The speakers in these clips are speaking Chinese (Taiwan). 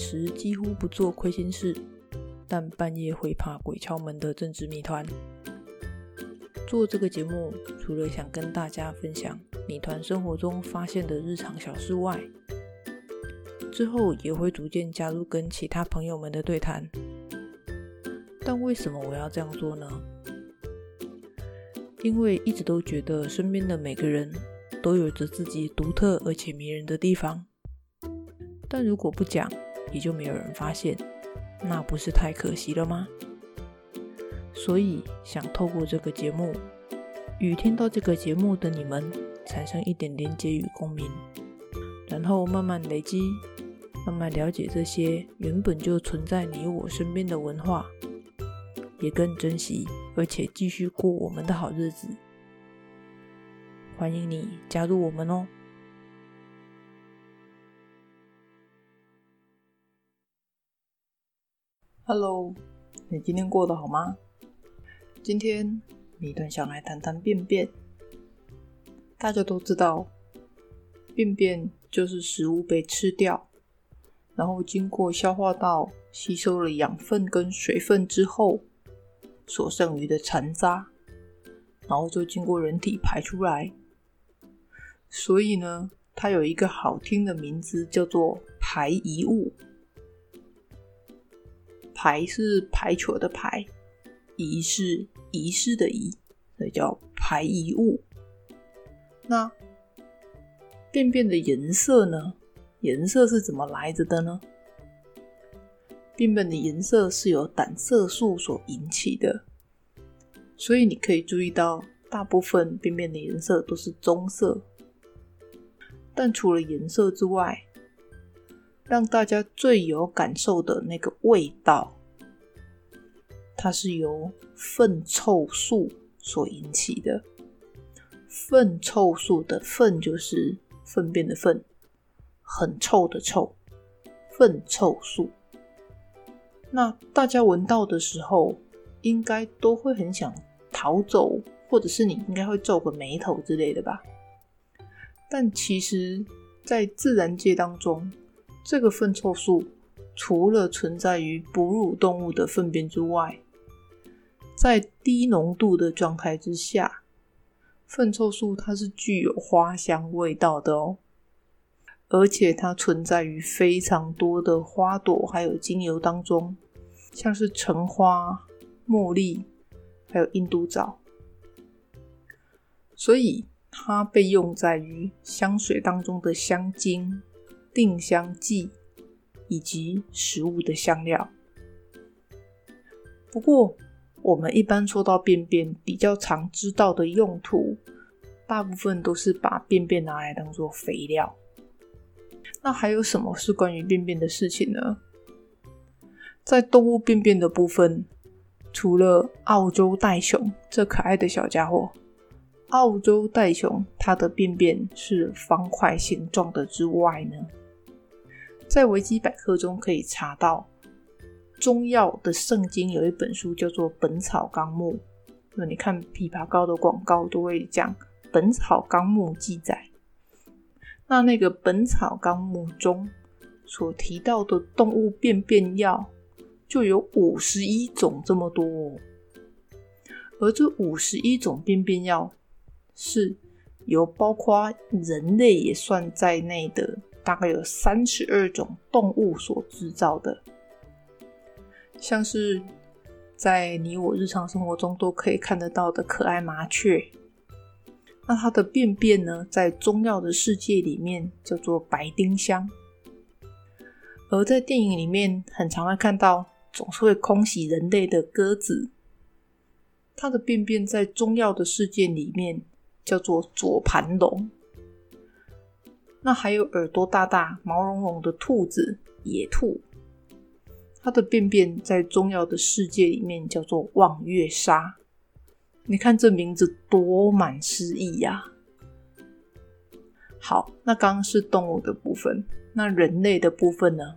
時幾乎不做虧心事，但半夜會怕鬼敲門的政治米團。做這個節目，除了想跟大家分享米團生活中發現的日常小事外，之後也會逐漸加入跟其他朋友們的對談。但為什麼我要這樣做呢？因為一直都覺得身邊的每個人都有着自己獨特而且迷人的地方，但如果不講。也就沒有人發現，那不是太可惜了嗎？所以想透過這個節目，與聽到這個節目的你們，產生一點點連接與共鳴，然後慢慢累積，慢慢了解這些原本就存在你我身邊的文化，也更珍惜，而且繼續過我們的好日子。歡迎你加入我們哦！Hello，你今天過得好嗎？今天米團想來談談便便。大家都知道，便便就是食物被吃掉，然後經過消化道吸收了養分跟水分之後，所剩餘的殘渣，然後就經過人體排出來。所以呢，它有一個好聽的名字，叫做排遺物。排是排球的排，遺是遺失的遺，所以叫排遺物。那便便的顏色呢？顏色是怎麼來着的呢？便便的顏色是由膽色素所引起的，所以你可以注意到，大部分便便的顏色都是棕色。但除了顏色之外，讓大家最有感受的那個味道，它是由糞臭素所引起的。糞臭素的“糞”就是糞便的“糞”，很臭的“臭”。糞臭素，那大家聞到的時候，應該都會很想逃走，或者是你應該會皺個眉頭之類的吧？但其實，在自然界當中，這個糞臭素除了存在於哺乳動物的糞便之外，在低濃度的狀態之下，糞臭素它是具有花香味道的哦、喔，而且它存在於非常多的花朵還有精油當中，像是橙花、茉莉還有印度棗，所以它被用在於香水當中的香精。定香劑以及食物的香料。不過，我們一般說到便便，比較常知道的用途，大部分都是把便便拿來當做肥料。那還有什麼是關於便便的事情呢？在動物便便的部分，除了澳洲袋熊這可愛的小家伙，澳洲袋熊它的便便是方塊形狀的之外呢？在維基百科中可以查到，中藥的聖經有一本書叫做《本草綱目》。那、就是、你看枇杷膏的廣告都會講《本草綱目》記載。那那個《本草綱目》中所提到的動物便便藥就有五十一種這麼多，而這五十一種便便藥是由包括人類也算在內的。大概有三十二種動物所製造的，像是在你我日常生活中都可以看得到的可愛麻雀，那它的便便呢，在中藥的世界裡面叫做白丁香；而在電影裡面很常會看到，總是會空襲人類的鴿子，它的便便在中藥的世界裡面叫做左盤龍。那還有耳朵大大、毛茸茸的兔子、野兔，它的便便在中藥的世界裡面叫做望月砂。你看這名字多滿詩意呀！好，那剛剛是動物的部分，那人類的部分呢？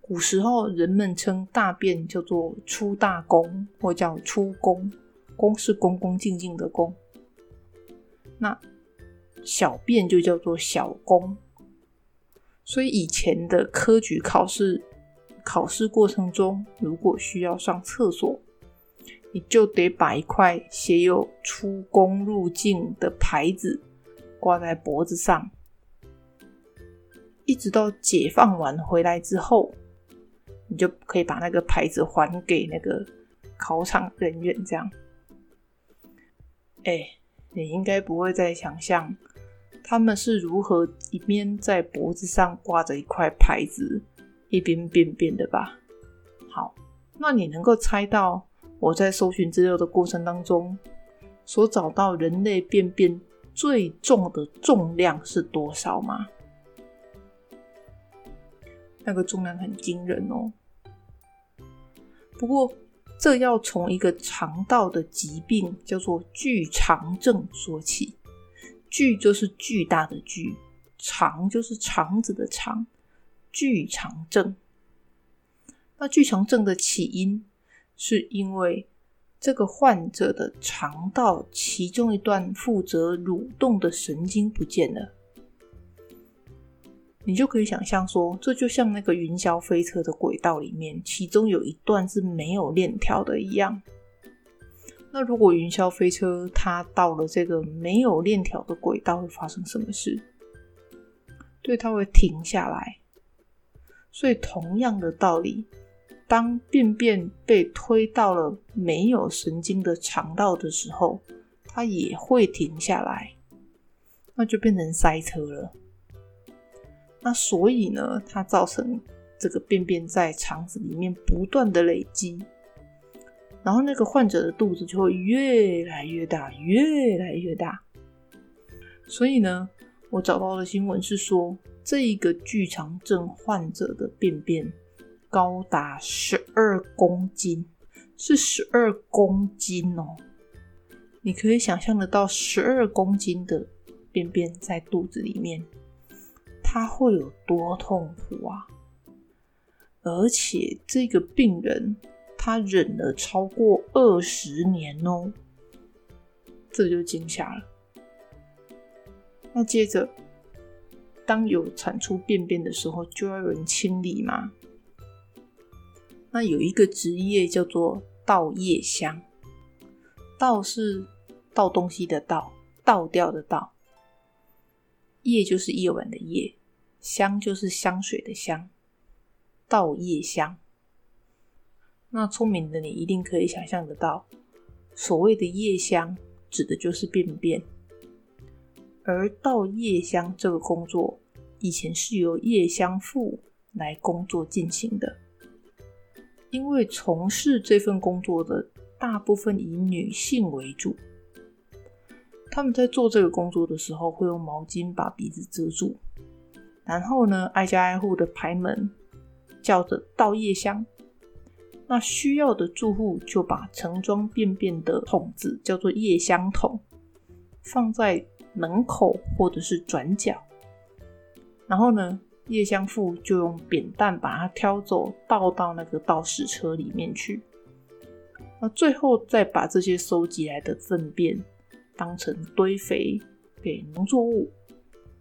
古時候人們稱大便叫做出大恭，或叫出恭，公是恭恭敬敬的恭。那小便就叫做小恭。所以以前的科舉考試考試過程中，如果需要上廁所，你就得把一塊寫有“出恭入敬”的牌子掛在脖子上，一直到解放完回來之後，你就可以把那個牌子還給那個考場人員。這樣，哎，你應該不會再想像。他們是如何一邊在脖子上掛着一塊牌子，一邊便便的吧？好，那你能夠猜到我在搜尋資料的過程當中，所找到人類便便最重的重量是多少嗎？那個重量很驚人哦、喔。不過，這要從一個腸道的疾病叫做巨腸症說起。巨就是巨大的巨，腸就是腸子的腸，巨腸症。那巨腸症的起因是因為這個患者的腸道其中一段負責蠕動的神經不見了。你就可以想象說，這就像那個雲霄飛車的軌道裡面，其中有一段是沒有鏈條的一樣。那如果雲霄飛車它到了這個沒有鏈條的軌道會發生什麼事？對，它會停下來。所以同樣的道理，當便便被推到了沒有神經的腸道的時候，它也會停下來，那就變成塞車了。那所以呢，它造成這個便便在腸子裡面不斷的累積。然後那個患者的肚子就會越來越大，越來越大。所以呢，我找到的新聞是說，這個巨腸症患者的便便高達十二公斤，是十二公斤哦。你可以想象得到，十二公斤的便便在肚子裡面，他會有多痛苦啊！而且這個病人。他忍了超過二十年哦、喔，這就驚嚇了。那接着，當有產出便便的時候，就要有人清理嗎？那有一個職業叫做倒夜香，倒是倒東西的倒，倒掉的倒；夜就是夜晚的夜，香就是香水的香，倒夜香。那聰明的你一定可以想象得到，所謂的夜香指的就是便便，而倒夜香這個工作以前是由夜香婦來工作進行的，因為從事這份工作的大部分以女性為主，他們在做這個工作的時候會用毛巾把鼻子遮住，然後呢挨家挨戶的拍門，叫着倒夜香。那需要的住戶就把盛裝便便的桶子叫做夜香桶，放在門口或者是轉角，然後呢，夜香婦就用扁擔把它挑走，倒到那個倒屎車裡面去。那最後再把這些收集來的糞便當成堆肥給農作物，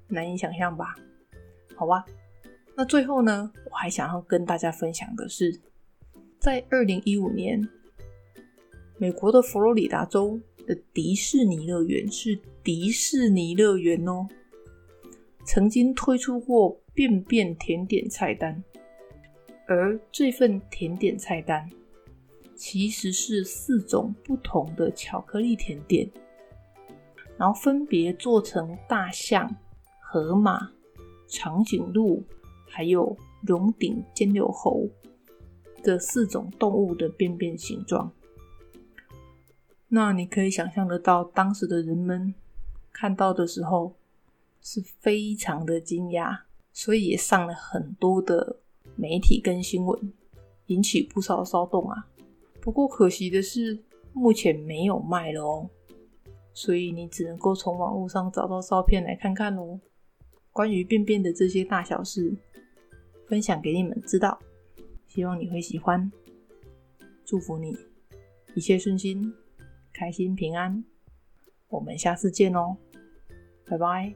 難以想象吧？好吧，那最後呢，我還想要跟大家分享的是。在二零一五年，美國的佛羅里達州的迪士尼樂園是迪士尼樂園哦，曾經推出過便便甜點菜單，而這份甜點菜單其實是四種不同的巧克力甜點，然後分別做成大象、河馬、長頸鹿，還有絨頂檉柳猴。這四種動物的便便形狀，那你可以想象得到，當時的人們看到的時候是非常的驚訝，所以也上了很多的媒體跟新聞，引起不少騷動啊。不過可惜的是，目前沒有賣了哦，所以你只能夠從網絡上找到照片來看看哦。關於便便的這些大小事，分享給你們知道。希望你會喜歡，祝福你一切順心，開心平安。我們下次見哦，拜拜。